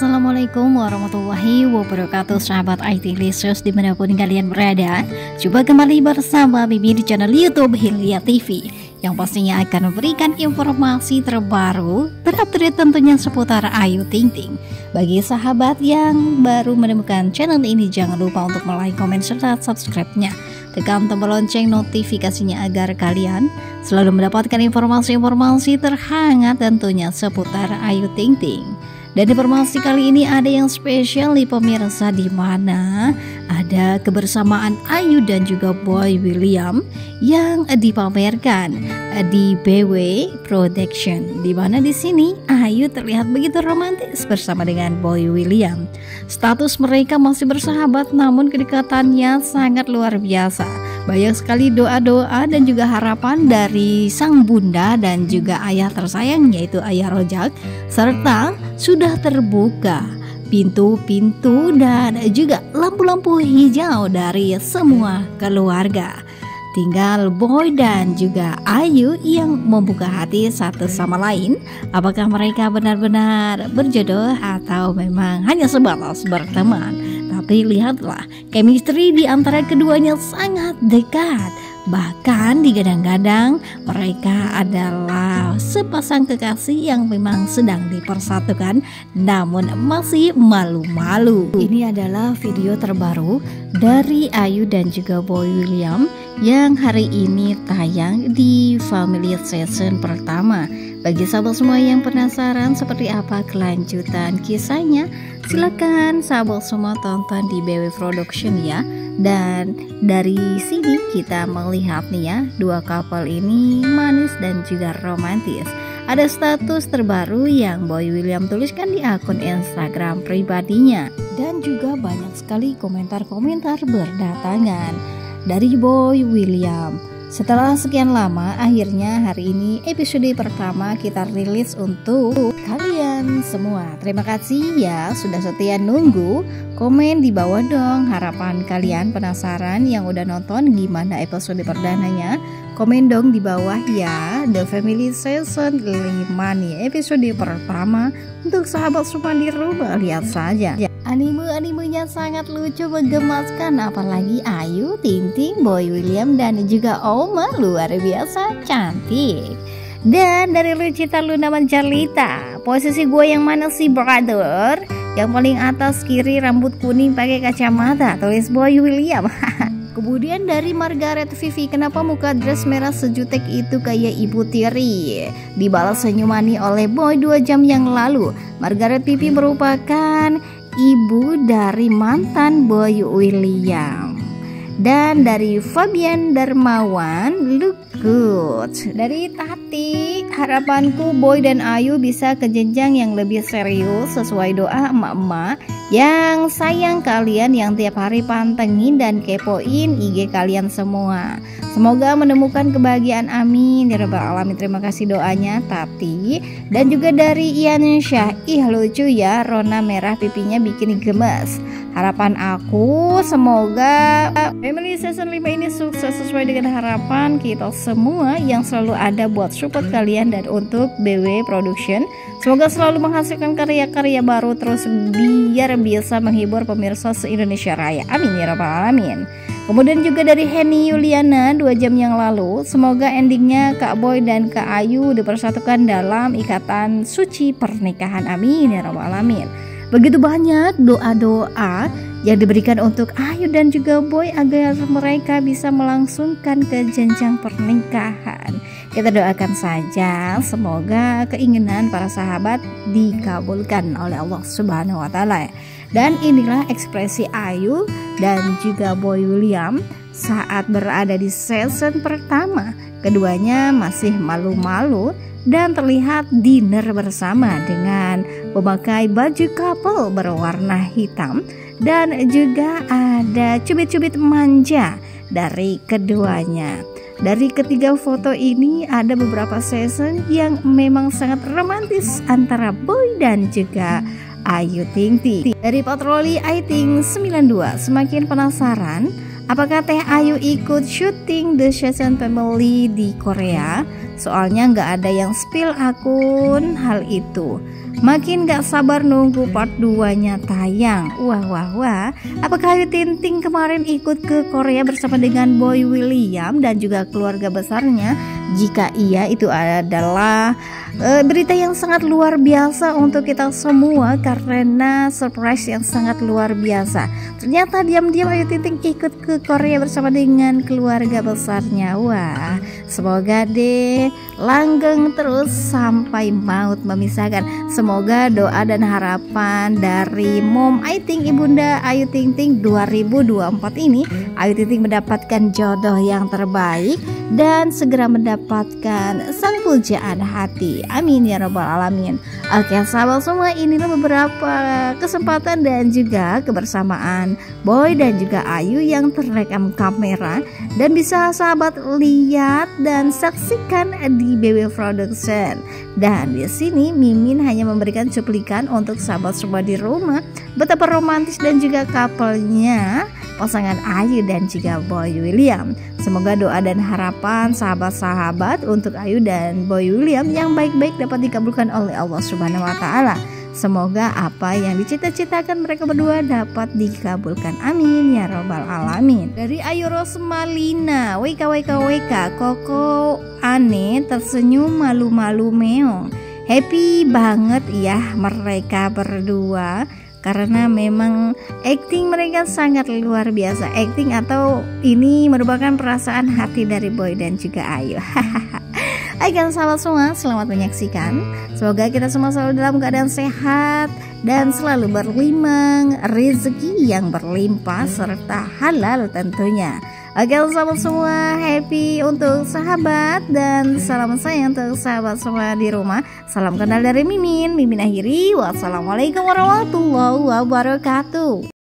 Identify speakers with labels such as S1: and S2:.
S1: Assalamualaikum warahmatullahi wabarakatuh Sahabat IT Licious dimanapun kalian berada coba kembali bersama Bibi di channel Youtube Hilya TV Yang pastinya akan memberikan informasi terbaru Terupdate tentunya seputar Ayu Ting Ting Bagi sahabat yang baru menemukan channel ini Jangan lupa untuk like, komen, serta subscribe-nya Tekan tombol lonceng notifikasinya agar kalian selalu mendapatkan informasi-informasi terhangat tentunya seputar Ayu Ting Ting dan informasi kali ini ada yang spesial nih pemirsa di mana ada kebersamaan Ayu dan juga Boy William yang dipamerkan di BW Production. Di mana di sini Ayu terlihat begitu romantis bersama dengan Boy William. Status mereka masih bersahabat namun kedekatannya sangat luar biasa. Banyak sekali doa-doa dan juga harapan dari sang bunda dan juga ayah tersayang yaitu ayah rojak serta sudah terbuka pintu-pintu dan juga lampu-lampu hijau dari semua keluarga. Tinggal Boy dan juga Ayu yang membuka hati satu sama lain Apakah mereka benar-benar berjodoh atau memang hanya sebatas berteman tapi lihatlah, chemistry di antara keduanya sangat dekat. Bahkan digadang-gadang mereka adalah sepasang kekasih yang memang sedang dipersatukan namun masih malu-malu. Ini adalah video terbaru dari Ayu dan juga Boy William yang hari ini tayang di Family Session pertama. Bagi sahabat semua yang penasaran seperti apa kelanjutan kisahnya, silakan sahabat semua tonton di BW Production ya. Dan dari sini kita melihat nih ya, dua couple ini manis dan juga romantis. Ada status terbaru yang Boy William tuliskan di akun Instagram pribadinya dan juga banyak sekali komentar-komentar berdatangan dari Boy William. Setelah sekian lama, akhirnya hari ini episode pertama kita rilis untuk kalian semua. Terima kasih ya sudah setia nunggu. Komen di bawah dong harapan kalian penasaran yang udah nonton gimana episode perdananya. Komen dong di bawah ya The Family Season 5 nih episode pertama Untuk sahabat semua di rumah lihat saja ya, Anime-animenya sangat lucu menggemaskan Apalagi Ayu, Tinting, Boy William dan juga Oma luar biasa cantik dan dari Lucita Luna Mancarlita Posisi gue yang mana sih brother? Yang paling atas kiri rambut kuning pakai kacamata Tulis Boy William Kemudian dari Margaret Vivi, kenapa muka dress merah sejutek itu kayak ibu tiri? Dibalas senyumani oleh Boy 2 jam yang lalu. Margaret Vivi merupakan ibu dari mantan Boy William. Dan dari Fabian Darmawan, look good. Dari Tati, harapanku Boy dan Ayu bisa ke jenjang yang lebih serius sesuai doa emak-emak yang sayang kalian yang tiap hari pantengin dan kepoin IG kalian semua. Semoga menemukan kebahagiaan amin ya rabbal alamin. Terima kasih doanya Tati dan juga dari Ian Syah. Ih lucu ya rona merah pipinya bikin gemes. Harapan aku semoga Family Season 5 ini sukses sesuai dengan harapan kita semua yang selalu ada buat support kalian dan untuk BW Production. Semoga selalu menghasilkan karya-karya baru terus biar bisa menghibur pemirsa se-Indonesia Raya. Amin ya rabbal alamin. Kemudian juga dari Henny Yuliana dua jam yang lalu, semoga endingnya Kak Boy dan Kak Ayu dipersatukan dalam ikatan suci pernikahan. Amin ya rabbal alamin. Begitu banyak doa-doa yang diberikan untuk Ayu dan juga Boy agar mereka bisa melangsungkan ke jenjang pernikahan. Kita doakan saja semoga keinginan para sahabat dikabulkan oleh Allah Subhanahu wa taala. Dan inilah ekspresi Ayu dan juga Boy William saat berada di season pertama. Keduanya masih malu-malu dan terlihat dinner bersama dengan memakai baju couple berwarna hitam dan juga ada cubit-cubit manja dari keduanya. Dari ketiga foto ini ada beberapa season yang memang sangat romantis antara Boy dan juga Ayu Ting Ting. Dari Patroli Ayu Aiting 92, semakin penasaran apakah Teh Ayu ikut syuting The Shazen Family di Korea? Soalnya nggak ada yang spill akun hal itu. Makin gak sabar nunggu part 2-nya tayang. Wah, wah, wah. Apakah Ayu Ting Ting kemarin ikut ke Korea bersama dengan Boy William dan juga keluarga besarnya? Jika iya, itu adalah uh, berita yang sangat luar biasa untuk kita semua karena surprise yang sangat luar biasa. Ternyata diam-diam Ayu Ting Ting ikut ke Korea bersama dengan keluarga besarnya. Wah, semoga deh langgeng terus sampai maut memisahkan. Semoga doa dan harapan dari Mom Aiting Ibunda Ayu Ting Ting 2024 ini Ayu Ting Ting mendapatkan jodoh yang terbaik dan segera mendapatkan sang pujaan hati. Amin ya robbal alamin. Oke, sahabat semua, inilah beberapa kesempatan dan juga kebersamaan Boy dan juga Ayu yang terekam kamera dan bisa sahabat lihat dan saksikan di BW Production. Dan di sini Mimin hanya memberikan cuplikan untuk sahabat semua di rumah betapa romantis dan juga couple-nya pasangan Ayu dan juga Boy William. Semoga doa dan harapan sahabat-sahabat untuk Ayu dan Boy William yang baik-baik dapat dikabulkan oleh Allah Subhanahu wa taala. Semoga apa yang dicita-citakan mereka berdua dapat dikabulkan. Amin ya robbal alamin. Dari Ayu Rosmalina, weka weka weka, koko aneh tersenyum malu-malu meong. Happy banget ya mereka berdua karena memang acting mereka sangat luar biasa acting atau ini merupakan perasaan hati dari Boy dan juga Ayu. Hai kan sahabat semua, selamat menyaksikan. Semoga kita semua selalu dalam keadaan sehat dan selalu berlimang, rezeki yang berlimpah serta halal tentunya. Oke sahabat semua, happy untuk sahabat dan salam sayang untuk sahabat semua di rumah. Salam kenal dari Mimin, Mimin akhiri. Wassalamualaikum warahmatullahi wabarakatuh.